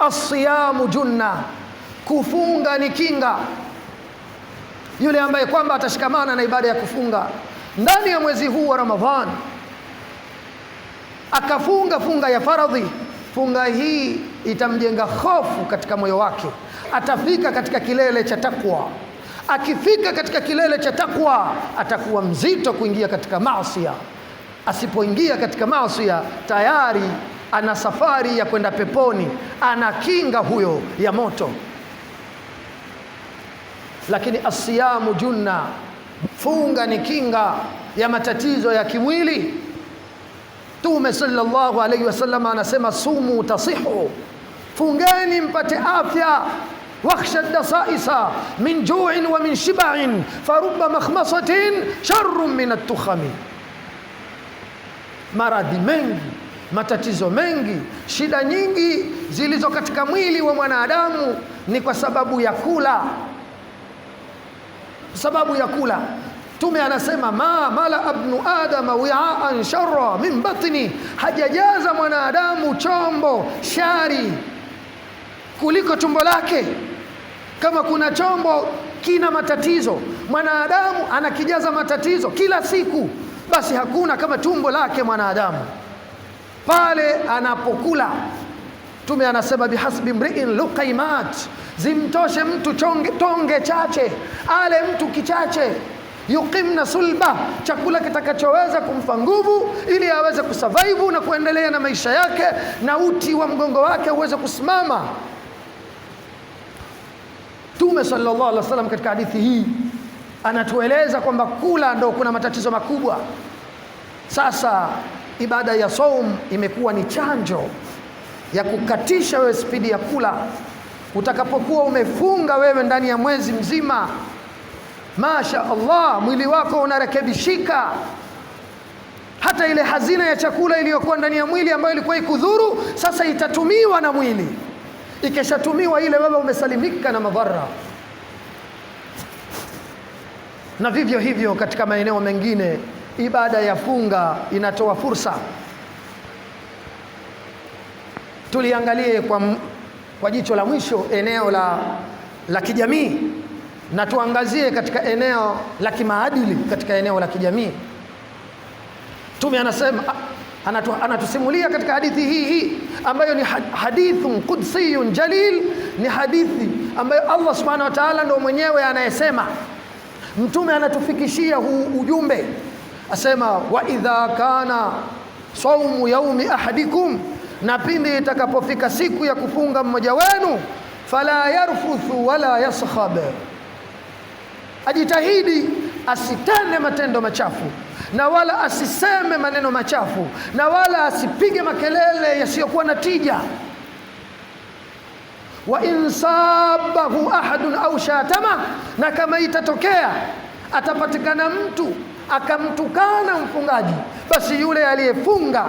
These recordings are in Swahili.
Asiyamu junna, kufunga ni kinga. Yule ambaye kwamba atashikamana na ibada ya kufunga ndani ya mwezi huu wa Ramadhani, akafunga funga ya faradhi, funga hii itamjenga hofu katika moyo wake, atafika katika kilele cha takwa. Akifika katika kilele cha takwa, atakuwa mzito kuingia katika maasia. Asipoingia katika maasia tayari ana safari ya kwenda peponi, ana kinga huyo ya moto. Lakini asiyamu junna, funga ni kinga ya matatizo ya kimwili. Mtume sallallahu alaihi wasallam anasema sumu tasihu, fungeni mpate afya wakhsha saisa min juin wa min shibain faruba makhmasatin sharrun min atukhami, maradhi mengi Matatizo mengi, shida nyingi zilizo katika mwili wa mwanadamu ni kwa sababu ya kula, sababu ya kula. Mtume anasema ma mala abnu adama wiaan sharra min batni, hajajaza mwanadamu chombo shari kuliko tumbo lake. Kama kuna chombo kina matatizo, mwanadamu anakijaza matatizo kila siku, basi hakuna kama tumbo lake mwanadamu pale anapokula. Mtume anasema bihasbi mriin luqaimat, zimtoshe mtu chonge, tonge chache, ale mtu kichache yuqimna sulba, chakula kitakachoweza kumpa nguvu ili aweze kusurvive na kuendelea na maisha yake, na uti wa mgongo wake uweze kusimama. Mtume sallallahu alaihi wasallam katika hadithi hii anatueleza kwamba kula ndo kuna matatizo makubwa. Sasa ibada ya saum imekuwa ni chanjo ya kukatisha wewe spidi ya kula. Utakapokuwa umefunga wewe ndani ya mwezi mzima, masha Allah, mwili wako unarekebishika. Hata ile hazina ya chakula iliyokuwa ndani ya mwili ambayo ilikuwa ikudhuru, sasa itatumiwa na mwili. Ikishatumiwa ile, wewe umesalimika na madhara. Na vivyo hivyo katika maeneo mengine ibada ya funga inatoa fursa. Tuliangalie kwa, kwa jicho la mwisho eneo la, la kijamii na tuangazie katika eneo la kimaadili. Katika eneo la kijamii tume anasema anatu, anatusimulia katika hadithi hii hii ambayo ni hadithun qudsiyun jalil, ni hadithi ambayo Allah subhanahu wa ta'ala ndio mwenyewe anayesema. Mtume anatufikishia huu ujumbe asema wa idha kana saumu yaumi ahadikum, na pindi itakapofika siku ya kufunga mmoja wenu, fala yarfuthu wala yaskhab, ajitahidi asitende matendo machafu na wala asiseme maneno machafu na wala asipige makelele yasiyokuwa na tija. wa in sabahu ahadun au shatama, na kama itatokea atapatikana mtu akamtukana mfungaji, basi yule aliyefunga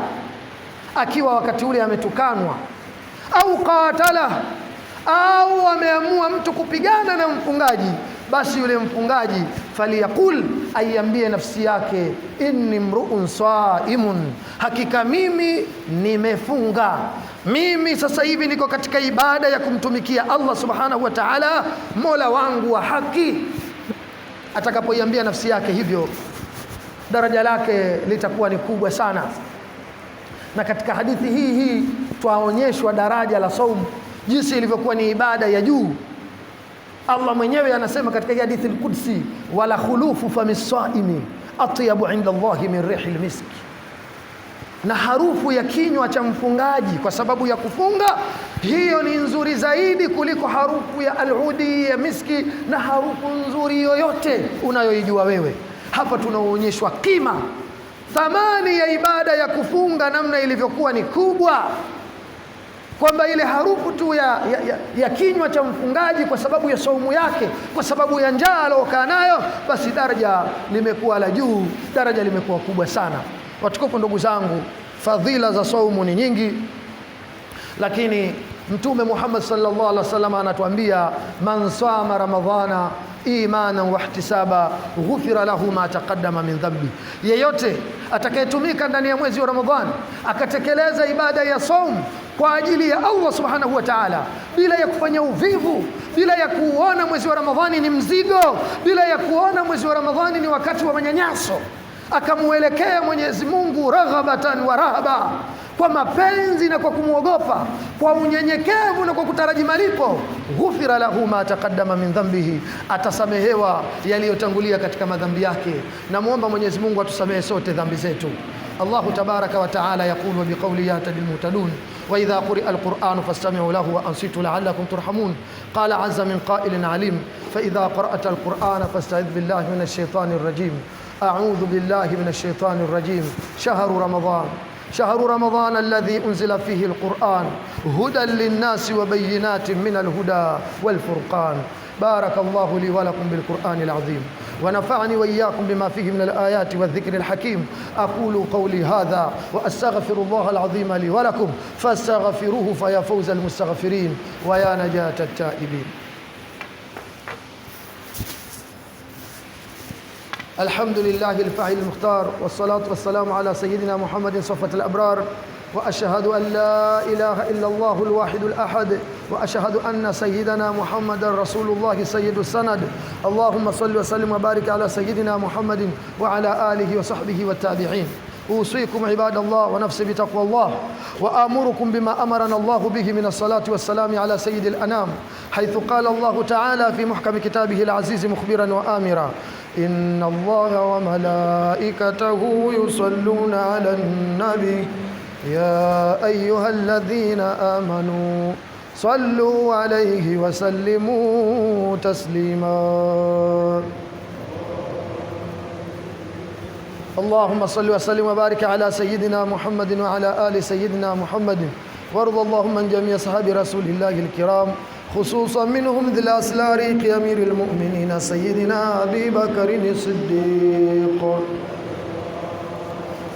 akiwa wakati ule ametukanwa au qatala au ameamua mtu kupigana na mfungaji, basi yule mfungaji faliyaqul, aiambie nafsi yake inni mruun saimun, hakika mimi nimefunga. Mimi sasa hivi niko katika ibada ya kumtumikia Allah subhanahu wa ta'ala, mola wangu wa haki. Atakapoiambia nafsi yake hivyo daraja lake litakuwa ni kubwa sana. Na katika hadithi hii hii twaonyeshwa daraja la saumu, jinsi ilivyokuwa ni ibada ya juu. Allah mwenyewe anasema katika hadithi al-Qudsi, wala khulufu famissaimi atyabu inda Allahi min rihil misk, na harufu ya kinywa cha mfungaji kwa sababu ya kufunga hiyo ni nzuri zaidi kuliko harufu ya aludi ya miski na harufu nzuri yoyote unayoijua wewe. Hapa tunaonyeshwa kima, thamani ya ibada ya kufunga, namna ilivyokuwa ni kubwa, kwamba ile harufu tu ya, ya, ya, ya kinywa cha mfungaji kwa sababu ya saumu yake, kwa sababu ya njaa aliokaa nayo, basi daraja limekuwa la juu, daraja limekuwa kubwa sana. Watukufu ndugu zangu, fadhila za saumu ni nyingi, lakini Mtume Muhammad sallallahu alaihi wasallam anatuambia man sama ramadhana imana wahtisaba ghufira lahu ma taqaddama min dhambi, yeyote atakayetumika ndani ya mwezi wa Ramadhani akatekeleza ibada ya saum kwa ajili ya Allah subhanahu wa ta'ala, bila ya kufanya uvivu, bila ya kuona mwezi wa Ramadhani ni mzigo, bila ya kuona mwezi wa Ramadhani ni wakati wa manyanyaso, akamuelekea Mwenyezi Mungu raghabatan wa rahaba kwa mapenzi na kwa kumwogopa, kwa unyenyekevu na kwa kutaraji malipo. Ghufira lahu ma taqaddama min dhambihi, atasamehewa yaliyotangulia katika madhambi yake. Namwomba Mwenyezi Mungu atusamehe sote dhambi zetu. الله تبارك وتعالى يقول وبقول يا yahtadi lmuhtadun waidha quria lquranu fastamiu lahu wa ansitu laalakum turhamun qala aza min qailin alim faidha qarata lqurana fastaidh billahi min alshaitani rajim audhu billahi min alshaitani rajim shahru شهر رمضان الذي أنزل فيه القرآن هدى للناس وبينات من الهدى والفرقان بارك الله لي ولكم بالقرآن العظيم ونفعني وإياكم بما فيه من الآيات والذكر الحكيم أقول قولي هذا وأستغفر الله العظيم لي ولكم فاستغفروه فيا فوز المستغفرين ويا نجاة التائبين الحمد لله الفاعل المختار والصلاة والسلام على سيدنا محمد صفة الأبرار وأشهد أن لا إله إلا الله الواحد الأحد وأشهد أن سيدنا محمد رسول الله سيد السند اللهم صل وسلم وبارك على سيدنا محمد وعلى آله وصحبه والتابعين أوصيكم عباد الله ونفسي بتقوى الله وآمركم بما أمرنا الله به من الصلاة والسلام على سيد الأنام حيث قال الله تعالى في محكم كتابه العزيز مخبرا وآمرا إن الله وملائكته يصلون على النبي يا أيها الذين آمنوا صلوا عليه وسلموا تسليماً اللهم صل وسلم وبارك على سيدنا محمد وعلى آل سيدنا محمد وارض اللهم عن جميع صحاب رسول الله الكرام خصوصا منهم ذي الأسلار أمير المؤمنين سيدنا أبي بكر الصديق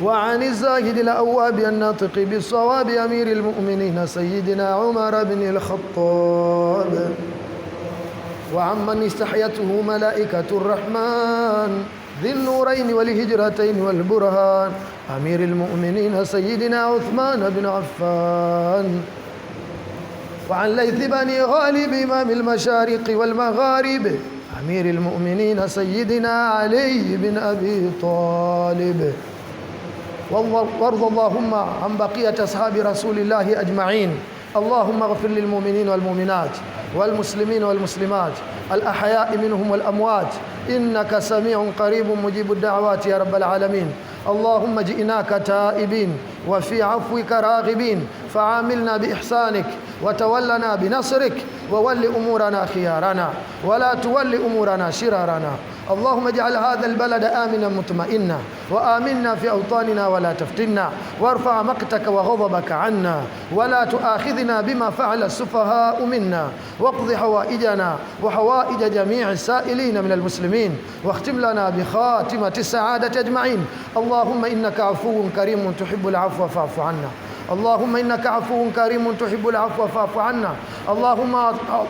وعن الزاهد الأواب الناطق بالصواب أمير المؤمنين سيدنا عمر بن الخطاب وعمن استحيته ملائكة الرحمن ذي النورين والهجرتين والبرهان أمير المؤمنين سيدنا عثمان بن عفان وعن ليث بني غالب إمام المشارق والمغارب أمير المؤمنين سيدنا علي بن أبي طالب وارض اللهم عن بقية أصحاب رسول الله أجمعين اللهم اغفر للمؤمنين والمؤمنات والمسلمين والمسلمات الأحياء منهم والأموات إنك سميع قريب مجيب الدعوات يا رب العالمين اللهم جئناك تائبين وفي عفوك راغبين فعاملنا بإحسانك وتولنا بنصرك وول أمورنا خيارنا ولا تول أمورنا شرارنا اللهم اجعل هذا البلد آمنا مطمئنا وآمنا في أوطاننا ولا تفتنا وارفع مقتك وغضبك عنا ولا تؤاخذنا بما فعل السفهاء منا واقض حوائجنا وحوائج جميع السائلين من المسلمين واختم لنا بخاتمة السعادة أجمعين اللهم إنك عفو كريم تحب العفو فاعف عنا اللهم إنك عفو كريم تحب العفو فاعف عنا اللهم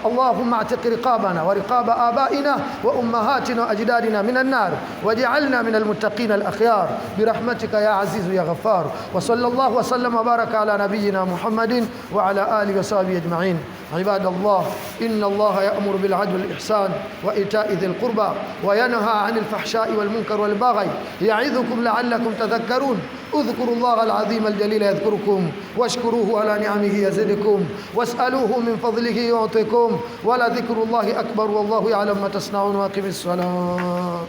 اللهم اعتق رقابنا ورقاب آبائنا وأمهاتنا وأجدادنا من النار واجعلنا من المتقين الأخيار برحمتك يا عزيز يا غفار وصلى الله وسلم وبارك على نبينا محمد وعلى آله وصحبه أجمعين عباد الله إن الله يأمر بالعدل والإحسان وإيتاء ذي القربى وينهى عن الفحشاء والمنكر والبغي يعظكم لعلكم تذكرون اذكروا الله العظيم الجليل يذكركم واشكروه على نعمه يزدكم واسألوه من فضله ولا ولذكر الله أكبر والله يعلم ما تصنعون واقم الصلاة